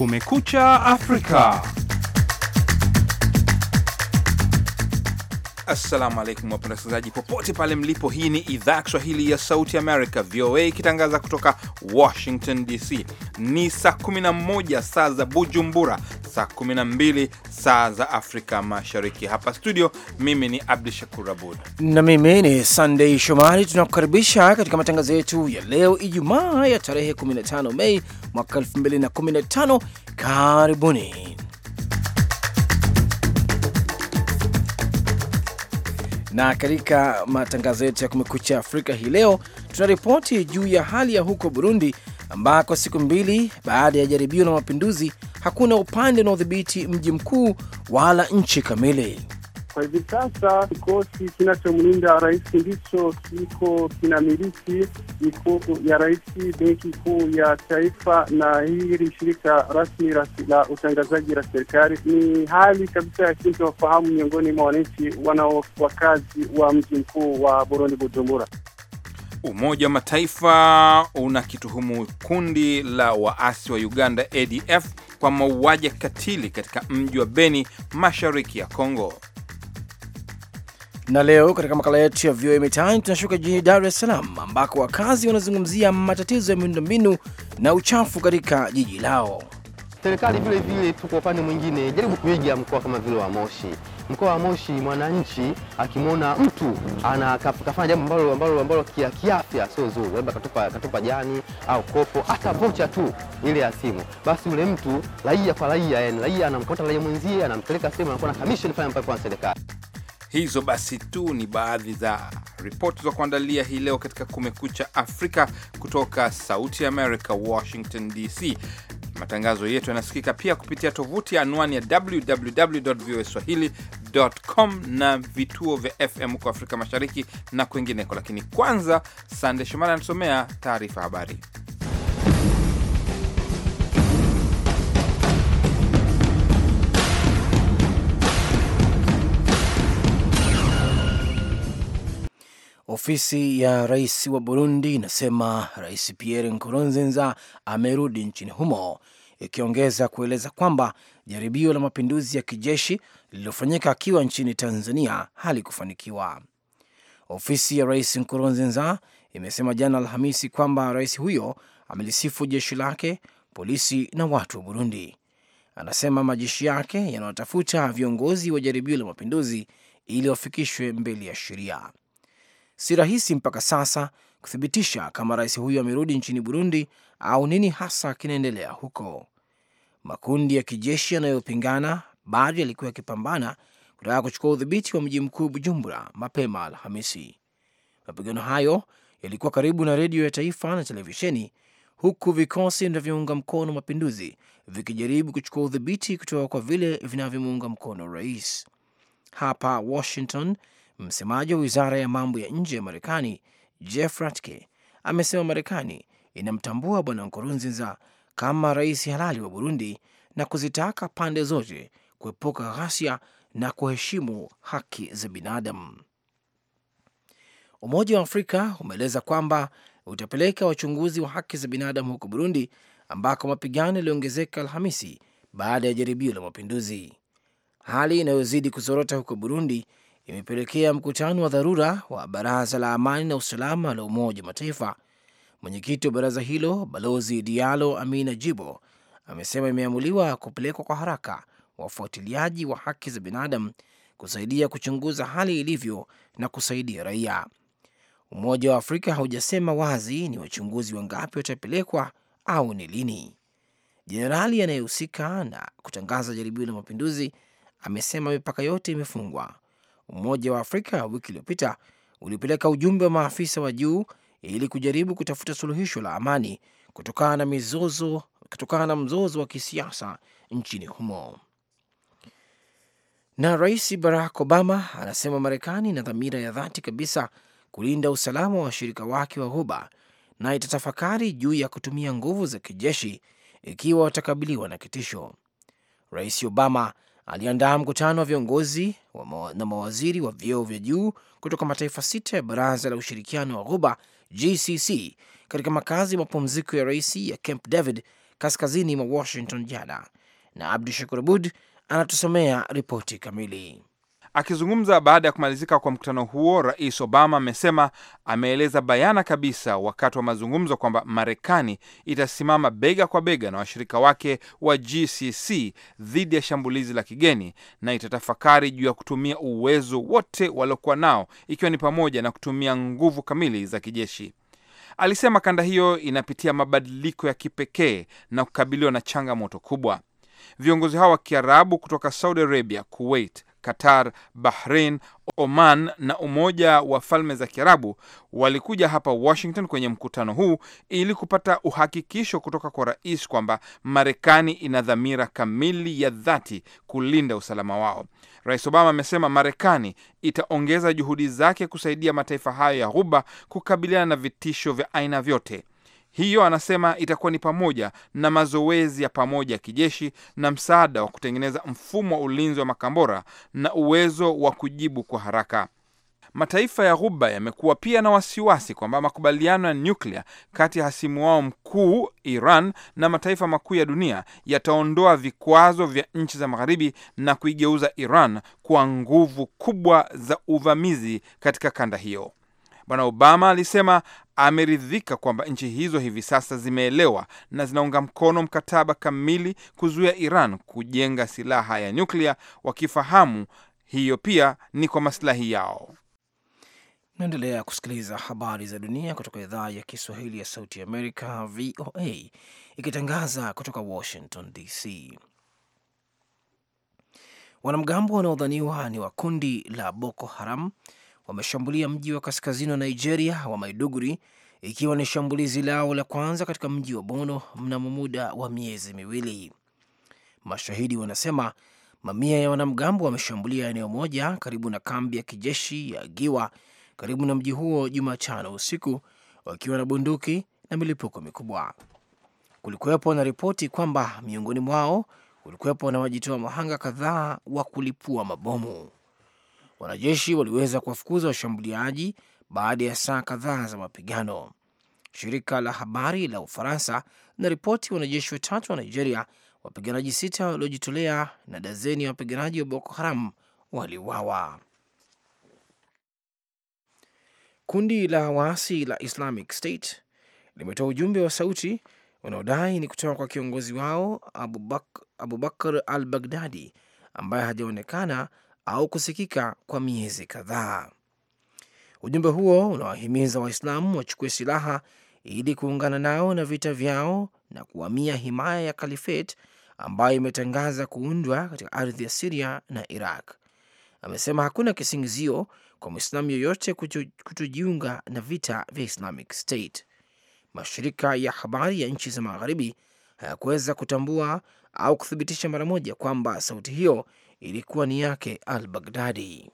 Kumekucha Afrika. Assalamu alaikum wapenda wasikilizaji popote pale mlipo. Hii ni idhaa ya Kiswahili ya Sauti Amerika, VOA, ikitangaza kutoka Washington DC. Ni saa 11 saa za Bujumbura, saa 12 saa za Afrika Mashariki. Hapa studio, mimi ni Abdu Shakur Abud na mimi ni Sandei Shomari. Tunakukaribisha katika matangazo yetu ya leo Ijumaa ya tarehe 15 Mei mwaka 2015. Karibuni. na katika matangazo yetu ya Kumekucha Afrika hii leo tunaripoti juu ya hali ya huko Burundi, ambako siku mbili baada ya jaribio la mapinduzi hakuna upande unaodhibiti mji mkuu wala nchi kamili. Kwa hivi sasa kikosi kinachomlinda rais ndicho kiko kinamiliki ikuu ya rais, benki kuu ya taifa na hili shirika rasmi la utangazaji la serikali. Ni hali kabisa ya sintofahamu miongoni mwa wananchi wakazi wa mji mkuu wa Burundi, Bujumbura. Umoja wa Mataifa unakituhumu kundi la waasi wa Uganda ADF kwa mauaji ya kikatili katika mji wa Beni, mashariki ya Kongo. Na leo katika makala yetu ya VOA Mitaani tunashuka jijini Dar es Salaam ambako wakazi wanazungumzia matatizo ya miundombinu na uchafu katika jiji lao. Serikali vile vile tu kwa upande mwingine, jaribu kuiga mkoa kama vile wa Moshi. Mkoa wa Moshi, mwananchi akimwona mtu ana kafanya jambo ambalo ambalo ambalo kiafya sio zuri, labda katupa katupa jani au kopo, hata vocha tu ile ya simu, basi yule mtu raia kwa raia, yani raia anamkuta raia mwenzie, anampeleka sehemu, anakuwa na commission fanya mpaka kwa serikali Hizo basi tu ni baadhi za ripoti za kuandalia hii leo katika Kumekucha Afrika kutoka Sauti America, Washington DC. Matangazo yetu yanasikika pia kupitia tovuti ya anwani ya www voa swahili.com na vituo vya FM huko Afrika Mashariki na kwingineko. Lakini kwanza, Sande Shomari anasomea taarifa habari. Ofisi ya rais wa Burundi inasema Rais Pierre Nkurunziza amerudi nchini humo, ikiongeza kueleza kwamba jaribio la mapinduzi ya kijeshi lililofanyika akiwa nchini Tanzania halikufanikiwa. Ofisi ya Rais Nkurunziza imesema jana Alhamisi kwamba rais huyo amelisifu jeshi lake, polisi na watu wa Burundi. Anasema majeshi yake yanawatafuta viongozi wa jaribio la mapinduzi ili wafikishwe mbele ya sheria si rahisi mpaka sasa kuthibitisha kama rais huyo amerudi nchini Burundi au nini hasa kinaendelea huko. Makundi ya kijeshi yanayopingana bado yalikuwa yakipambana kutaka kuchukua udhibiti wa mji mkuu Bujumbura mapema Alhamisi. Mapigano hayo yalikuwa karibu na redio ya taifa na televisheni, huku vikosi vinavyounga mkono mapinduzi vikijaribu kuchukua udhibiti kutoka kwa vile vinavyomuunga mkono rais. Hapa Washington, Msemaji wa wizara ya mambo ya nje ya Marekani Jeff Ratke amesema Marekani inamtambua Bwana Nkurunziza kama rais halali wa Burundi na kuzitaka pande zote kuepuka ghasia na kuheshimu haki za binadamu. Umoja wa Afrika umeeleza kwamba utapeleka wachunguzi wa haki za binadamu huko Burundi ambako mapigano yaliongezeka Alhamisi baada ya jaribio la mapinduzi. Hali inayozidi kuzorota huko Burundi imepelekea mkutano wa dharura wa Baraza la Amani na Usalama la Umoja wa Mataifa. Mwenyekiti wa baraza hilo Balozi Dialo Amina Jibo amesema imeamuliwa kupelekwa kwa haraka wafuatiliaji wa haki za binadamu kusaidia kuchunguza hali ilivyo na kusaidia raia. Umoja wa Afrika haujasema wazi ni wachunguzi wangapi watapelekwa au ni lini. Jenerali anayehusika na kutangaza jaribio la mapinduzi amesema mipaka yote imefungwa. Umoja wa Afrika wiki iliyopita ulipeleka ujumbe wa maafisa wa juu ili kujaribu kutafuta suluhisho la amani kutokana na mizozo, kutokana na mzozo wa kisiasa nchini humo. Na Rais Barack Obama anasema Marekani ina dhamira ya dhati kabisa kulinda usalama wa washirika wake wa Ghuba na itatafakari juu ya kutumia nguvu za kijeshi ikiwa watakabiliwa na kitisho. Rais Obama aliandaa mkutano wa viongozi wa na mawaziri wa vyeo vya juu kutoka mataifa sita ya Baraza la Ushirikiano wa Ghuba GCC katika makazi ya mapumziko ya rais ya Camp David kaskazini mwa Washington jana, na Abdu Shakur Abud anatusomea ripoti kamili. Akizungumza baada ya kumalizika kwa mkutano huo, Rais Obama amesema ameeleza bayana kabisa wakati wa mazungumzo kwamba Marekani itasimama bega kwa bega na washirika wake wa GCC dhidi ya shambulizi la kigeni na itatafakari juu ya kutumia uwezo wote waliokuwa nao, ikiwa ni pamoja na kutumia nguvu kamili za kijeshi. Alisema kanda hiyo inapitia mabadiliko ya kipekee na kukabiliwa na changamoto kubwa. Viongozi hao wa Kiarabu kutoka Saudi Arabia, Kuwait, Qatar, Bahrain, Oman na Umoja wa Falme za Kiarabu walikuja hapa Washington kwenye mkutano huu ili kupata uhakikisho kutoka kwa rais kwamba Marekani ina dhamira kamili ya dhati kulinda usalama wao. Rais Obama amesema Marekani itaongeza juhudi zake kusaidia mataifa hayo ya Ghuba kukabiliana na vitisho vya aina vyote hiyo anasema itakuwa ni pamoja na mazoezi ya pamoja ya kijeshi na msaada wa kutengeneza mfumo wa ulinzi wa makambora na uwezo wa kujibu kwa haraka. Mataifa ya Ghuba yamekuwa pia na wasiwasi kwamba makubaliano ya nyuklia kati ya hasimu wao mkuu Iran na mataifa makuu ya dunia yataondoa vikwazo vya nchi za Magharibi na kuigeuza Iran kwa nguvu kubwa za uvamizi katika kanda hiyo. Bwana Obama alisema ameridhika kwamba nchi hizo hivi sasa zimeelewa na zinaunga mkono mkataba kamili kuzuia Iran kujenga silaha ya nyuklia, wakifahamu hiyo pia ni kwa masilahi yao. Naendelea kusikiliza habari za dunia kutoka idhaa ya Kiswahili ya Sauti ya Amerika, VOA, ikitangaza kutoka Washington DC. Wanamgambo wanaodhaniwa ni wa kundi la Boko Haram wameshambulia mji wa kaskazini wa Nigeria wa Maiduguri, ikiwa ni shambulizi lao la kwanza katika mji wa Bono mnamo muda wa miezi miwili. Mashahidi wanasema mamia ya wanamgambo wameshambulia eneo moja karibu na kambi ya kijeshi ya Giwa karibu na mji huo Jumatano usiku wakiwa na bunduki na milipuko mikubwa. Kulikuwepo na ripoti kwamba miongoni mwao kulikuwepo na wajitoa mahanga kadhaa wa kulipua mabomu. Wanajeshi waliweza kuwafukuza washambuliaji baada ya saa kadhaa za mapigano. Shirika la habari la Ufaransa linaripoti wanajeshi watatu wa Nigeria, wapiganaji sita waliojitolea na dazeni ya wapiganaji wa Boko Haram waliuawa. Kundi la waasi la Islamic State limetoa ujumbe wa sauti unaodai ni kutoka kwa kiongozi wao Abubakar Al Baghdadi ambaye hajaonekana au kusikika kwa miezi kadhaa. Ujumbe huo unawahimiza Waislamu wachukue silaha ili kuungana nao na vita vyao na kuhamia himaya ya Kalifate ambayo imetangaza kuundwa katika ardhi ya Siria na Iraq. Amesema hakuna kisingizio kwa mwislamu yoyote kutojiunga na vita vya Islamic State. Mashirika ya habari ya nchi za magharibi hayakuweza kutambua au kuthibitisha mara moja kwamba sauti hiyo ilikuwa ni yake al Baghdadi.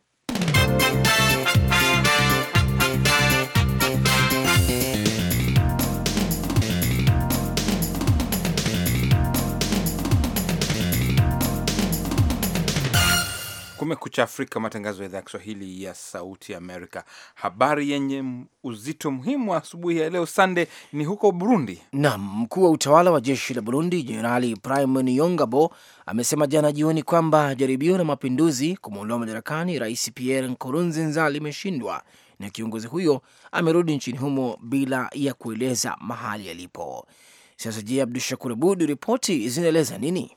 Kumekucha Afrika, matangazo ya idhaa ya Kiswahili ya Sauti Amerika. Habari yenye uzito muhimu asubuhi ya leo Sande ni huko Burundi. Naam, mkuu wa utawala wa jeshi la Burundi Jenerali Prime Niyongabo amesema jana jioni kwamba jaribio la mapinduzi kumwondoa madarakani Rais Pierre Nkurunziza limeshindwa na kiongozi huyo amerudi nchini humo bila ya kueleza mahali alipo. Sasa je, Abdu Shakur Abud, ripoti zinaeleza nini?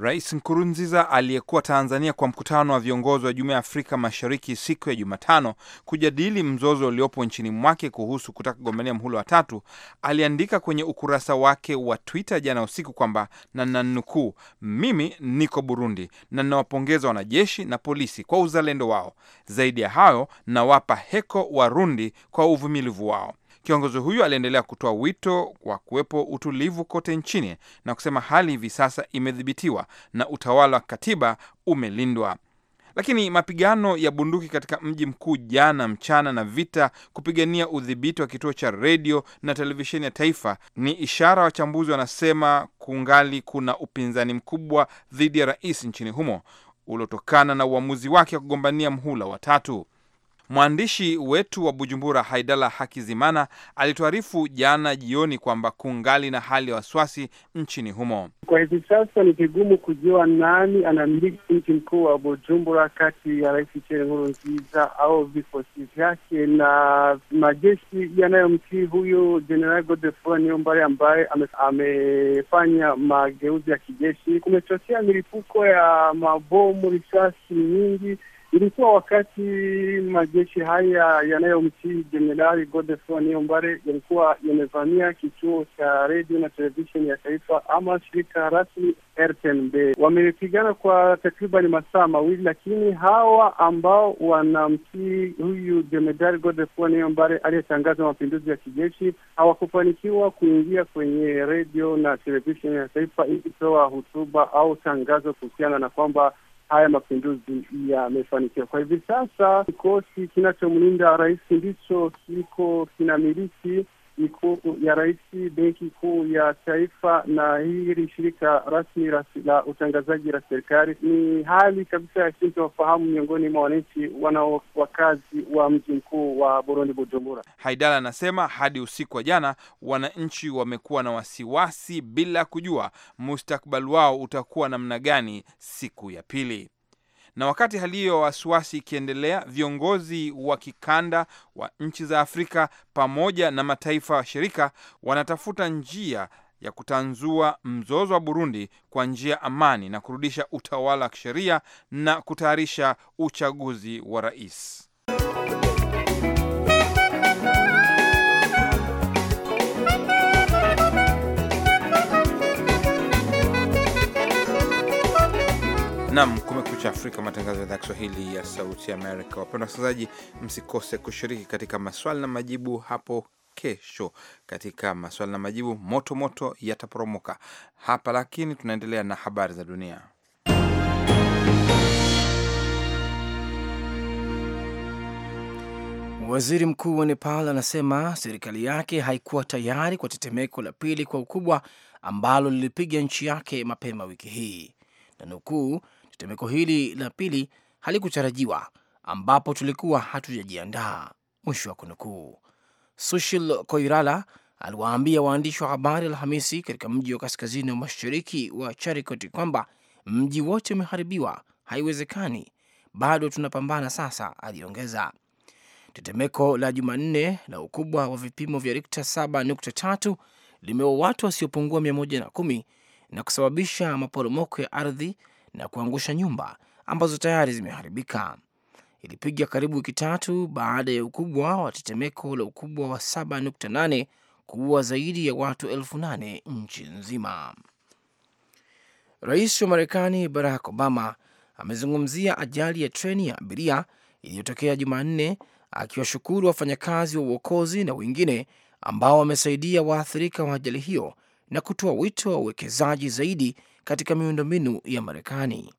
Rais Nkurunziza aliyekuwa Tanzania kwa mkutano wa viongozi wa Jumuiya ya Afrika Mashariki siku ya Jumatano kujadili mzozo uliopo nchini mwake kuhusu kutaka kugombania mhula wa tatu, aliandika kwenye ukurasa wake wa Twitter jana usiku kwamba na nanukuu, mimi niko Burundi na ninawapongeza wanajeshi na polisi kwa uzalendo wao. Zaidi ya hayo, nawapa heko Warundi kwa uvumilivu wao. Kiongozi huyu aliendelea kutoa wito wa kuwepo utulivu kote nchini na kusema hali hivi sasa imedhibitiwa na utawala wa katiba umelindwa. Lakini mapigano ya bunduki katika mji mkuu jana mchana na vita kupigania udhibiti wa kituo cha redio na televisheni ya taifa ni ishara, wachambuzi wanasema kungali kuna upinzani mkubwa dhidi ya rais nchini humo uliotokana na uamuzi wake wa kugombania mhula wa tatu. Mwandishi wetu wa Bujumbura, Haidala Hakizimana, alituarifu jana jioni kwamba kungali na hali ya wasiwasi nchini humo. Kwa hivi sasa ni vigumu kujua nani anamiliki mji mkuu wa Bujumbura kati ya Rais Nkurunziza au vikosi vyake na majeshi yanayomtii huyu Jenerali Godefroid Niyombare ambaye ame, amefanya mageuzi ya kijeshi. Kumechochea milipuko ya mabomu, risasi nyingi Ilikuwa wakati majeshi haya yanayomtii Jenerali Godefroid Niyombare yalikuwa yamevamia kituo cha redio na televisheni ya taifa ama shirika rasmi RTNB. Wamepigana kwa takriban masaa mawili, lakini hawa ambao wanamtii huyu Jenerali Godefroid Niyombare aliyetangaza mapinduzi ya kijeshi hawakufanikiwa kuingia kwenye redio na televisheni ya taifa ili kutoa hotuba au tangazo kuhusiana na kwamba haya mapinduzi yamefanikiwa. Kwa hivi sasa kikosi kinachomlinda rais ndicho kiko kinamiliki mikuu ya rais, benki kuu ya taifa na hili shirika rasmi la utangazaji la serikali. Ni hali kabisa ya sintofahamu miongoni mwa wananchi wakazi wa mji mkuu wa Burundi, Bujumbura. Haidala anasema hadi usiku wa jana wananchi wamekuwa na wasiwasi bila kujua mustakbali wao utakuwa namna gani siku ya pili. Na wakati hali hiyo wasiwasi ikiendelea, viongozi wa kikanda wa nchi za Afrika pamoja na mataifa shirika wanatafuta njia ya kutanzua mzozo wa Burundi kwa njia amani na kurudisha utawala wa kisheria na kutayarisha uchaguzi wa rais. Nam kumekucha Afrika, matangazo ya idhaa Kiswahili ya sauti Amerika. wapenda wasikilizaji, msikose kushiriki katika maswali na majibu hapo kesho. Katika maswali na majibu moto moto yataporomoka hapa, lakini tunaendelea na habari za dunia. Waziri mkuu wa Nepal anasema serikali yake haikuwa tayari kwa tetemeko la pili kwa ukubwa ambalo lilipiga nchi yake mapema wiki hii na nukuu tetemeko hili la pili halikutarajiwa ambapo tulikuwa hatujajiandaa, mwisho wa kunukuu. Sushil Koirala aliwaambia waandishi wa habari Alhamisi katika mji wa kaskazini wa mashariki wa Charikoti kwamba mji wote umeharibiwa, haiwezekani, bado tunapambana sasa, aliongeza. Tetemeko la Jumanne la ukubwa wa vipimo vya Rikta 7.3 limeua watu wasiopungua 110 na kusababisha maporomoko ya ardhi na kuangusha nyumba ambazo tayari zimeharibika. Ilipiga karibu wiki tatu baada ya ukubwa wa tetemeko la ukubwa wa 7.8 kuua zaidi ya watu elfu nane nchi nzima. Rais wa Marekani Barack Obama amezungumzia ajali ya treni ya abiria iliyotokea Jumanne, akiwashukuru wafanyakazi wa uokozi na wengine ambao wamesaidia waathirika wa ajali hiyo na kutoa wito wa uwekezaji zaidi katika miundombinu ya Marekani.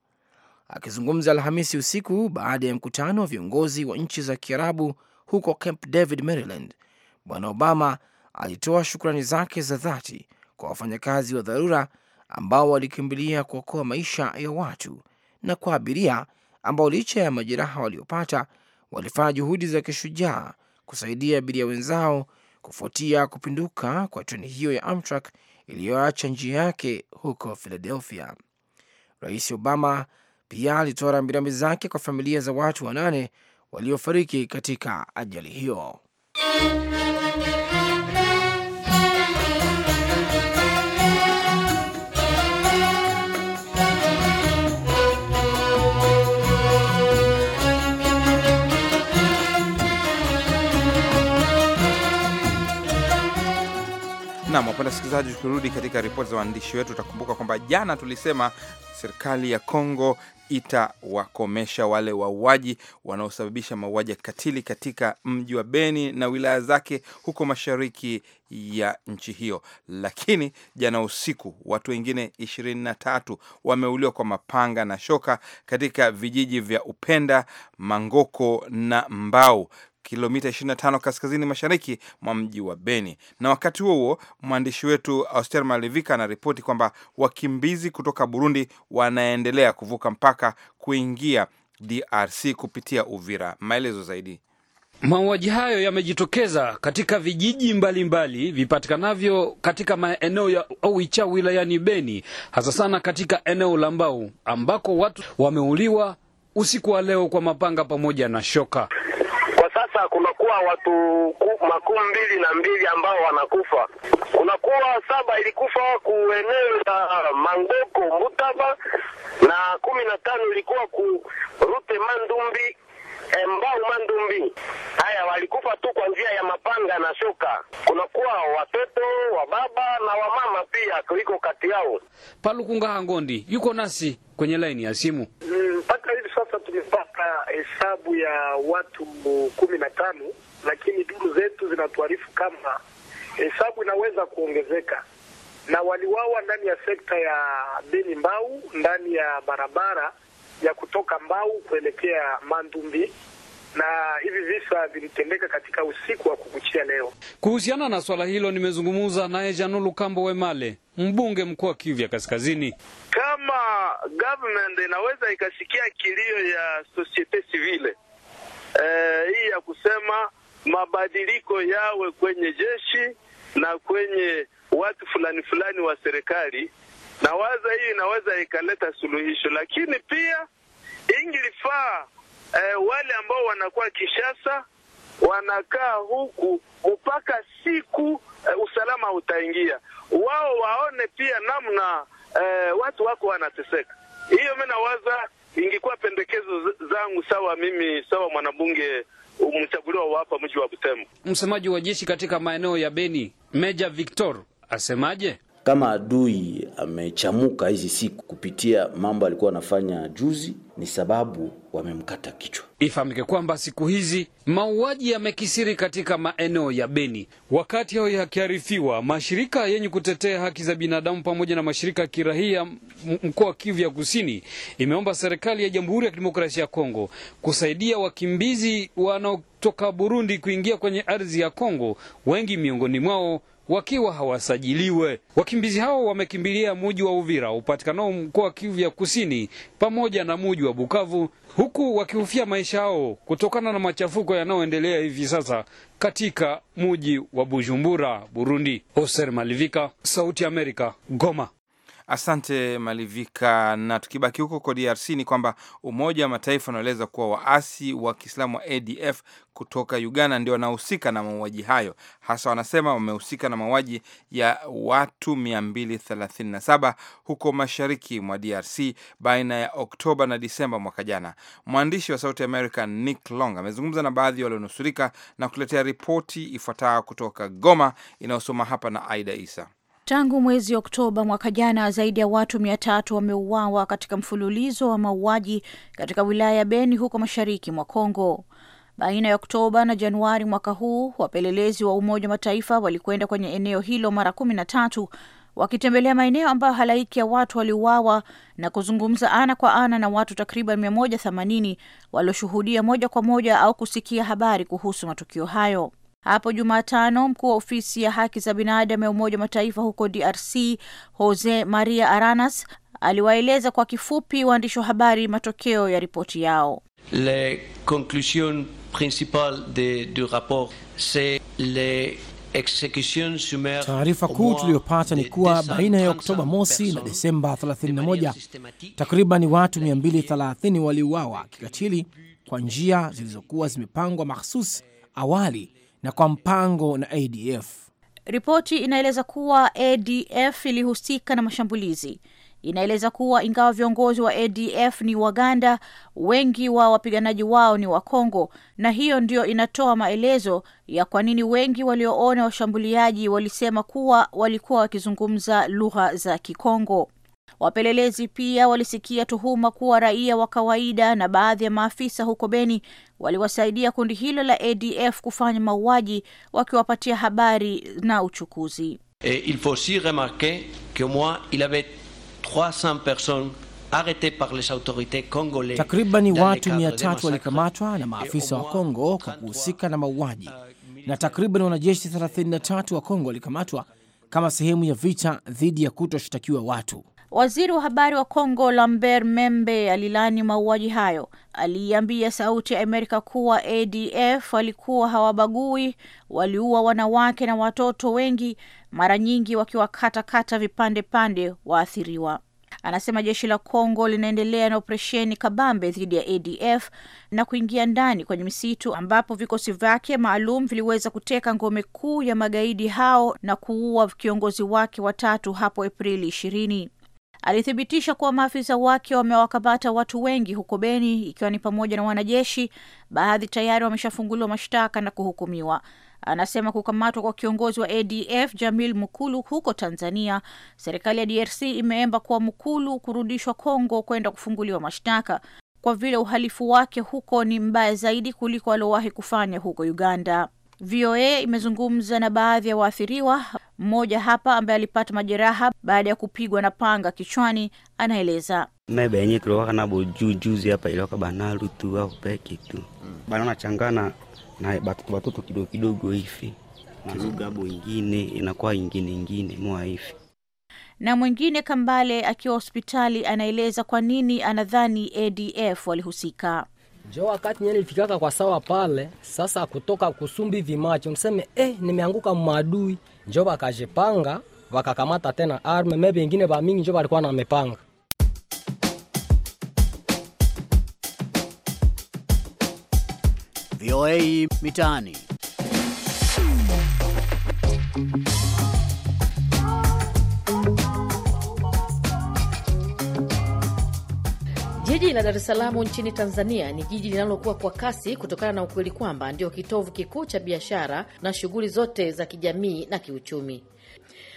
Akizungumza Alhamisi usiku baada ya mkutano wa viongozi wa nchi za Kiarabu huko Camp David, Maryland, Bwana Obama alitoa shukrani zake za dhati kwa wafanyakazi wa dharura ambao walikimbilia kuokoa maisha ya watu na kwa abiria ambao licha ya majeraha waliopata walifanya juhudi za kishujaa kusaidia abiria wenzao kufuatia kupinduka kwa treni hiyo ya Amtrak iliyoacha njia yake huko Philadelphia. Rais Obama pia alitoa rambirambi zake kwa familia za watu wanane waliofariki katika ajali hiyo. Nam, wapenda sikilizaji, tukirudi katika ripoti za waandishi wetu, utakumbuka kwamba jana tulisema serikali ya Kongo itawakomesha wale wauaji wanaosababisha mauaji ya katili katika mji wa Beni na wilaya zake huko mashariki ya nchi hiyo. Lakini jana usiku watu wengine ishirini na tatu wameuliwa kwa mapanga na shoka katika vijiji vya Upenda, Mangoko na Mbau kilomita 25 kaskazini mashariki mwa mji wa Beni. Na wakati huo huo, mwandishi wetu Auster Malivika anaripoti kwamba wakimbizi kutoka Burundi wanaendelea kuvuka mpaka kuingia DRC kupitia Uvira. Maelezo zaidi. Mauaji hayo yamejitokeza katika vijiji mbalimbali vipatikanavyo katika maeneo ya owicha wilayani Beni, hasa sana katika eneo la Mbau ambako watu wameuliwa usiku wa leo kwa mapanga pamoja na shoka sasa kunakuwa watu makumi mbili na mbili ambao wanakufa. Kunakuwa saba ilikufa ku eneo la Mangoko Mutaba na kumi na tano ilikuwa ku rute Mandumbi Eh, Mbau Mandumbi. Haya, walikufa tu kwa njia ya mapanga na shoka. Kunakuwa watoto wa baba na wamama pia kuliko kati yao. Palukunga Hangondi yuko nasi kwenye laini ya simu mm, mpaka mm, hivi sasa tumepata hesabu ya watu kumi na tano, lakini duru zetu zinatuarifu kama hesabu inaweza kuongezeka na waliwawa ndani ya sekta ya Beni Mbau, ndani ya barabara ya kutoka Mbau kuelekea Mandumbi na hivi visa vilitendeka katika usiku wa kukuchia leo. Kuhusiana na swala hilo, nimezungumza naye Janu Lukambo Wemale, mbunge mkuu wa Kivu ya Kaskazini. Kama government inaweza ikasikia kilio ya societe civile eh, hii ya kusema mabadiliko yawe kwenye jeshi na kwenye watu fulani fulani wa serikali na waza hii inaweza ikaleta suluhisho, lakini pia ingilifaa eh, wale ambao wanakuwa Kishasa wanakaa huku mpaka siku eh, usalama utaingia, wao waone pia namna eh, watu wako wanateseka. Hiyo mi nawaza ingekuwa pendekezo zangu sawa, mimi sawa mwanabunge mchaguliwa wa hapa mji wa Butembo. Msemaji wa jeshi katika maeneo ya Beni Meja Victor asemaje? Kama adui amechamuka hizi siku kupitia mambo alikuwa anafanya juzi, ni sababu wamemkata kichwa. Ifahamike kwamba siku hizi mauaji yamekisiri katika maeneo ya Beni. Wakati hayo yakiarifiwa, mashirika yenye kutetea haki za binadamu pamoja na mashirika ya kirahia mkoa wa Kivu ya Kusini imeomba serikali ya Jamhuri ya Kidemokrasia ya Kongo kusaidia wakimbizi wanaotoka Burundi kuingia kwenye ardhi ya Kongo, wengi miongoni mwao wakiwa hawasajiliwe. Wakimbizi hao wamekimbilia muji wa Uvira upatikanao mkoa wa Kivu ya Kusini pamoja na muji wa Bukavu, huku wakihofia maisha yao kutokana na machafuko yanayoendelea hivi sasa katika muji wa Bujumbura, Burundi. Oser Malivika, Sauti ya Amerika, Goma. Asante Malivika. Na tukibaki huko kwa DRC ni kwamba Umoja wa Mataifa unaeleza kuwa waasi wa Kiislamu wa ADF kutoka Uganda ndio wanahusika na mauaji hayo, hasa wanasema wamehusika na mauaji ya watu 237 huko mashariki mwa DRC baina ya Oktoba na Disemba mwaka jana. Mwandishi wa Sauti America Nick Long amezungumza na baadhi walionusurika na kuletea ripoti ifuatayo kutoka Goma inayosoma hapa na Aida Isa. Tangu mwezi Oktoba mwaka jana, zaidi ya watu mia tatu wameuawa katika mfululizo wa mauaji katika wilaya ya Beni huko mashariki mwa Kongo. Baina ya Oktoba na Januari mwaka huu, wapelelezi wa Umoja wa Mataifa walikwenda kwenye eneo hilo mara kumi na tatu wakitembelea maeneo ambayo halaiki ya watu waliuawa na kuzungumza ana kwa ana na watu takriban themanini walioshuhudia moja kwa moja au kusikia habari kuhusu matukio hayo. Hapo Jumatano, mkuu wa ofisi ya haki za binadamu ya Umoja wa Mataifa huko DRC Jose Maria Aranas aliwaeleza kwa kifupi waandishi wa habari matokeo ya ripoti yao. La conclusion principale de du rapport c'est les Taarifa kuu tuliyopata ni kuwa baina ya Oktoba mosi na Desemba 31 takriban watu 230 waliuawa kikatili kwa njia zilizokuwa zimepangwa mahsusi awali na kwa mpango na ADF. Ripoti inaeleza kuwa ADF ilihusika na mashambulizi. Inaeleza kuwa ingawa viongozi wa ADF ni Waganda, wengi wa wapiganaji wao ni Wakongo, na hiyo ndiyo inatoa maelezo ya kwa nini wengi walioona washambuliaji walisema kuwa walikuwa wakizungumza lugha za Kikongo. Wapelelezi pia walisikia tuhuma kuwa raia wa kawaida na baadhi ya maafisa huko Beni waliwasaidia kundi hilo la ADF kufanya mauaji, wakiwapatia habari na uchukuzi. Et il faut aussi remarquer que moi il avait 300 personnes Takribani watu tatu walikamatwa na maafisa wa Kongo kwa kuhusika na mauaji na takriban wanajeshi 33 wa Kongo walikamatwa kama sehemu ya vita dhidi ya kutoshtakiwa watu. Waziri wa habari wa Kongo Lambert Membe alilani mauaji hayo. Aliiambia Sauti ya Amerika kuwa ADF walikuwa hawabagui, waliua wanawake na watoto wengi, mara nyingi wakiwakatakata vipande pande waathiriwa. Anasema jeshi la Kongo linaendelea na operesheni kabambe dhidi ya ADF na kuingia ndani kwenye misitu ambapo vikosi vyake maalum viliweza kuteka ngome kuu ya magaidi hao na kuua kiongozi wake watatu hapo Aprili ishirini alithibitisha kuwa maafisa wake wamewakamata watu wengi huko Beni, ikiwa ni pamoja na wanajeshi. Baadhi tayari wameshafunguliwa mashtaka na kuhukumiwa. Anasema kukamatwa kwa kiongozi wa ADF Jamil Mukulu huko Tanzania, serikali ya DRC imeemba kuwa Mukulu kurudishwa Kongo kwenda kufunguliwa mashtaka kwa vile uhalifu wake huko ni mbaya zaidi kuliko aliowahi kufanya huko Uganda. VOA imezungumza na baadhi ya waathiriwa. Mmoja hapa ambaye alipata majeraha baada ya kupigwa na panga kichwani anaeleza. mebe nabo hapa banalu tu au peke tu na batoto batoto kidogo kidogo hivi ingine inakuwa ingine ingine hivi na mwingine Kambale akiwa hospitali anaeleza kwa nini anadhani ADF walihusika. Jo wakati nyenye nilifikaka kwa sawa pale, sasa kutoka kusumbi vimacho mseme eh, nimeanguka mmadui. Njo wakajipanga wakakamata tena arme maybe ingine ba mingi njo walikuwa na mepanga. VOA mitaani Jiji la Dar es nchini Tanzania ni jiji linalokuwa kwa kasi kutokana na ukweli kwamba ndio kitovu kikuu cha biashara na shughuli zote za kijamii na kiuchumi.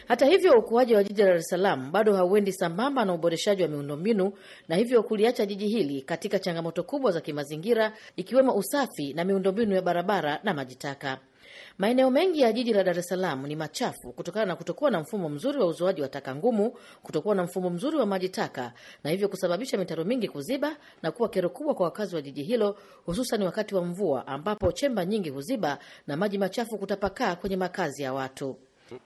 Hata hivyo, ukuaji wa jiji la Dar es bado hauendi sambamba na uboreshaji wa miundombinu na hivyo kuliacha jiji hili katika changamoto kubwa za kimazingira ikiwemo usafi na miundombinu ya barabara na maji taka. Maeneo mengi ya jiji la Dar es Salaam ni machafu kutokana na kutokuwa na mfumo mzuri wa uzoaji wa taka ngumu, kutokuwa na mfumo mzuri wa maji taka, na hivyo kusababisha mitaro mingi kuziba na kuwa kero kubwa kwa wakazi wa jiji hilo, hususan wakati wa mvua ambapo chemba nyingi huziba na maji machafu kutapakaa kwenye makazi ya watu.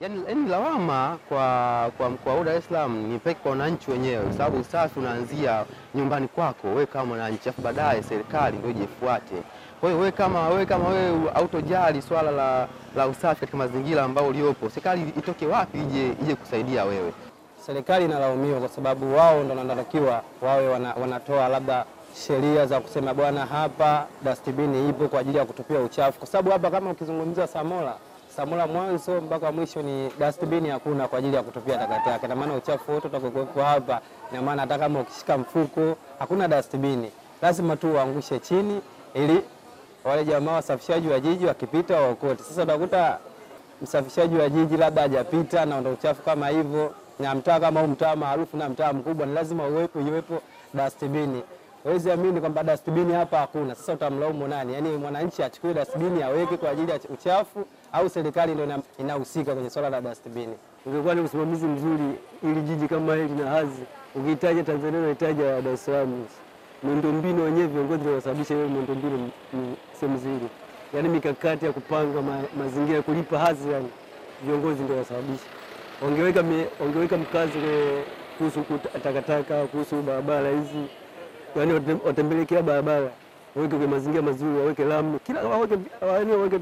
Yani, yani lawama kwa kwa mkoa wa Dar es Salaam ni peke kwa wananchi wenyewe, sababu usafi unaanzia nyumbani kwako wewe kama wananchi, afu baadaye serikali ndio ijifuate. Kwa hiyo wewe kama wewe kama wewe autojali swala la, la usafi katika mazingira ambayo uliopo, serikali itoke wapi ije ije kusaidia wewe? Serikali inalaumiwa kwa sababu wao ndio wanatakiwa wawe wana, wanatoa labda sheria za kusema bwana, hapa dustbin ipo kwa ajili ya kutupia uchafu, kwa sababu hapa kama ukizungumzia Samola Samula mwanzo mpaka mwisho ni dustbin hakuna kwa ajili ya kutupia takataka. Na maana uchafu wote utakokuwepo hapa, na maana hata kama ukishika mfuko hakuna dustbin, lazima tu uangushe chini ili wale jamaa wasafishaji wa jiji wakipita waokote. Sasa utakuta msafishaji wa jiji labda hajapita na ndo uchafu kama hivyo, na mtaa kama huu, mtaa maarufu na mtaa mkubwa, ni lazima uwepo iwepo dustbin. Huwezi amini kwamba dustbin hapa hakuna. Sasa utamlaumu nani? Yaani mwananchi achukue dustbin aweke kwa ajili ya uchafu au serikali ndio inahusika kwenye swala la dustbin? Ungekuwa ni usimamizi mzuri, ili jiji kama hili na hazi ukihitaja Tanzania unahitaja Dar es Salaam. Miundombinu wenyewe viongozi wanasababisha hiyo miundombinu sio mzuri, yaani mikakati ya kupanga ma, mazingira kulipa hazi, yani viongozi ndio wasababisha. Ongeweka ongeweka mkazo kuhusu takataka, kuhusu barabara hizi, yaani watembelekea barabara waweke kwenye mazingira mazuri, waweke lami, kila waweke yaani waweke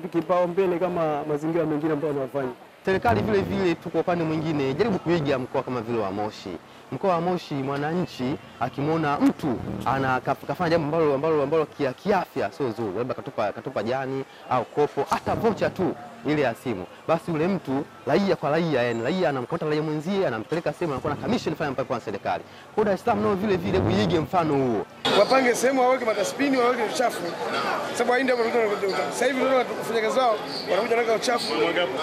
mbele kama mazingira mengine ambayo wanafanya. Serikali vile vile tu kwa upande mwingine jaribu kuiga mkoa kama vile wa Moshi. Mkoa wa Moshi, mwananchi akimwona mtu ana kafanya jambo ambalo ambalo ambalo kiafya sio zuri, labda katupa katupa jani au kopo, hata vocha tu ile ya simu, basi yule mtu raia kwa raia, yani raia anamkuta raia mwenzie anampeleka sehemu, anakuwa na commission fulani mpaka kwa serikali. Kwa Dar es Salaam nao vile vile kuige mfano huo, wapange sehemu, waweke madaspini, waweke uchafu, sababu haindi hapo. Sasa hivi unaona kufanya kazi zao, wanakuja naweka uchafu,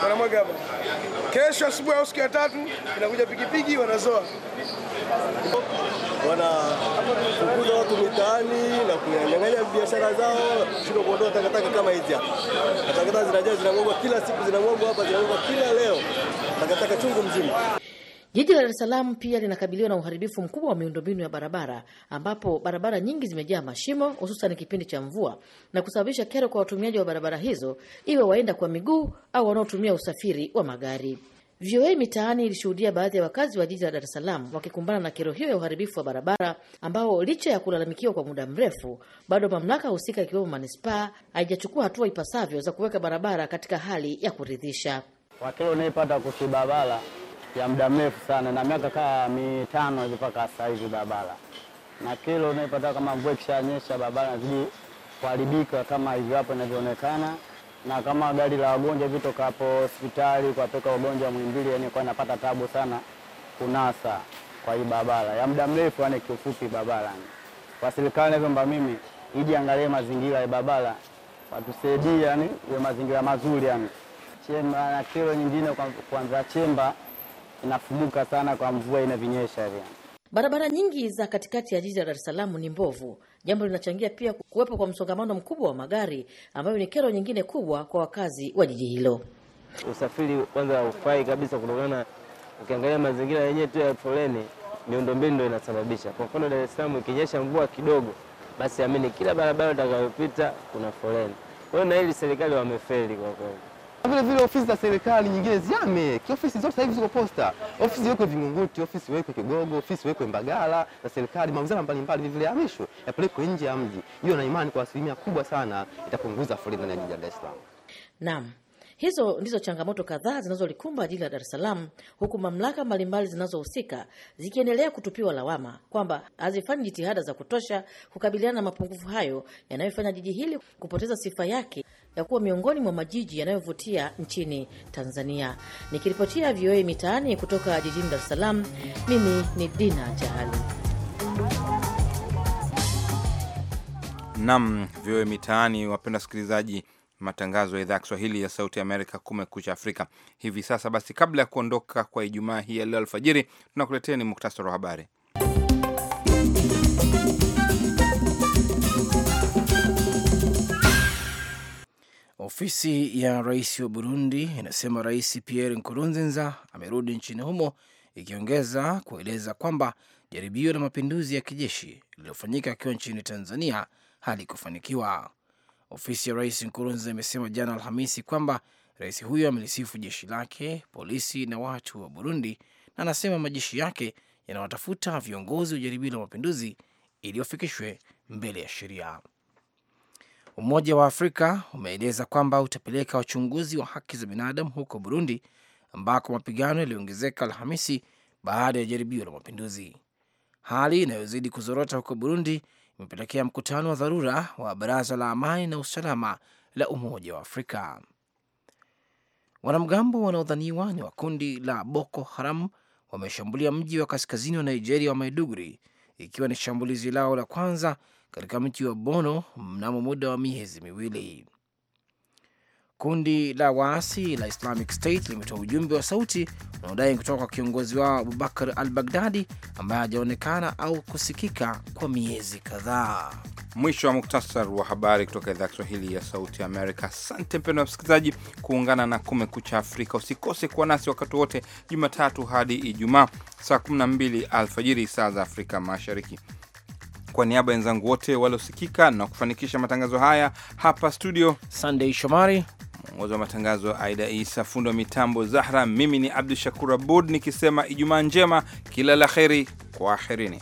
wanamwaga hapa. Kesho asubuhi au siku ya tatu inakuja pikipiki, wanazoa wanafukuza watu mitaani na kunyang'anya biashara zao, shindwa kuondoa takataka kama hizi hapa. Takataka zinajaa zinamwagwa kila siku, zinamwagwa hapa, zinamwagwa kila leo, takataka chungu mzima. Jiji la Dar es Salaam pia linakabiliwa na uharibifu mkubwa wa miundombinu ya barabara ambapo barabara nyingi zimejaa mashimo hususan kipindi cha mvua na kusababisha kero kwa watumiaji wa barabara hizo, iwe waenda kwa miguu au wanaotumia usafiri wa magari. VOA Mitaani ilishuhudia baadhi ya wakazi wa jiji la Dar es Salaam wakikumbana na kero hiyo ya uharibifu wa barabara ambao licha ya kulalamikiwa kwa muda mrefu, bado mamlaka husika ikiwemo manispaa haijachukua hatua ipasavyo za kuweka barabara katika hali ya kuridhisha. Kwa kero unaipata kushiba barabara ya muda mrefu sana na miaka kaa mitano hivi mpaka sasa hivi barabara, na kero unaipata kama mvua ikishanyesha barabara nazidi kuharibika kama hivyo hapo inavyoonekana na kama gari la wagonjwa hivi tokapo hospitali kuwapeka wagonjwa Muhimbili, yani kwa napata tabu sana kunasa kwa hii barabara ya muda mrefu, yani kiufupi barabara kwa serikali navyomba mimi iji angalie mazingira ya barabara watusaidie, yani we mazingira mazuri yani chemba. Na kero nyingine kwanza, chemba inafumuka sana kwa mvua inavinyesha hivi. Barabara nyingi za katikati ya jiji la Dar es Salaam ni mbovu jambo linachangia pia kuwepo kwa msongamano mkubwa wa magari ambayo ni kero nyingine kubwa kwa wakazi wa jiji hilo. Usafiri kwanza haufai kabisa, kutokana ukiangalia mazingira yenyewe tu ya foleni, miundombinu ndo inasababisha. Kwa mfano, Dar es Salaam ikinyesha mvua kidogo, basi amini kila barabara utakayopita kuna foleni. Kwa hiyo na hili serikali wamefeli kwa kweli. Vile vile ofisi za serikali nyingine ziame kiofisi, zote sasa hivi ziko posta. Ofisi iwekwe Vingunguti, ofisi iwekwe Kigogo, ofisi iwekwe Mbagala za serikali, mawizara mbalimbali vile vile yapelekwe nje ya mji. Hiyo na imani kwa asilimia kubwa sana itapunguza foleni ndani ya jiji la Dar es Salaam. Naam. Hizo ndizo changamoto kadhaa zinazolikumba jiji la Dar es Salaam, huku mamlaka mbalimbali zinazohusika zikiendelea kutupiwa lawama kwamba hazifanyi jitihada za kutosha kukabiliana na mapungufu hayo yanayofanya jiji hili kupoteza sifa yake ya kuwa miongoni mwa majiji yanayovutia nchini Tanzania. Nikiripotia VOA Mitaani kutoka jijini Dar es Salaam, mimi ni Dina jahali Nam VOA Mitaani, wapenda wasikilizaji matangazo ya idhaa ya Kiswahili ya Sauti ya Amerika, Kumekucha Afrika hivi sasa. Basi kabla ya kuondoka kwa Ijumaa hii ya leo alfajiri, tunakuletea ni muktasari wa habari. Ofisi ya rais wa Burundi inasema Rais Pierre Nkurunziza amerudi nchini humo, ikiongeza kueleza kwamba jaribio la mapinduzi ya kijeshi lililofanyika akiwa nchini Tanzania halikufanikiwa. Ofisi ya rais Nkurunziza imesema jana Alhamisi kwamba rais huyo amelisifu jeshi lake, polisi na watu wa Burundi, na anasema majeshi yake yanawatafuta viongozi wa jaribio la mapinduzi iliyofikishwe mbele ya sheria. Umoja wa Afrika umeeleza kwamba utapeleka wachunguzi wa haki za binadamu huko Burundi, ambako mapigano yaliongezeka Alhamisi baada ya jaribio la mapinduzi. Hali inayozidi kuzorota huko Burundi imepelekea mkutano wa dharura wa Baraza la Amani na Usalama la Umoja wa Afrika. Wanamgambo wanaodhaniwa ni wa kundi la Boko Haram wameshambulia mji wa kaskazini wa Nigeria wa Maiduguri, ikiwa ni shambulizi lao la kwanza katika mji wa Bono mnamo muda wa miezi miwili. Kundi la waasi la Islamic State limetoa ujumbe wa sauti unaodai kutoka kwa kiongozi wao Abubakar al Baghdadi ambaye hajaonekana au kusikika kwa miezi kadhaa. Mwisho wa muktasar wa habari kutoka idhaa ya Kiswahili ya Sauti ya Amerika. Asante mpendwa msikilizaji kuungana na Kumekucha Afrika. Usikose kuwa nasi wakati wote Jumatatu hadi Ijumaa saa 12 alfajiri saa za Afrika Mashariki. Kwa niaba ya wenzangu wote waliosikika na kufanikisha matangazo haya hapa studio, Sunday Shomari mwongozi wa matangazo, Aida Isa fundi wa mitambo, Zahra. Mimi ni Abdu Shakur Abud nikisema Ijumaa njema, kila la kheri, kwaherini.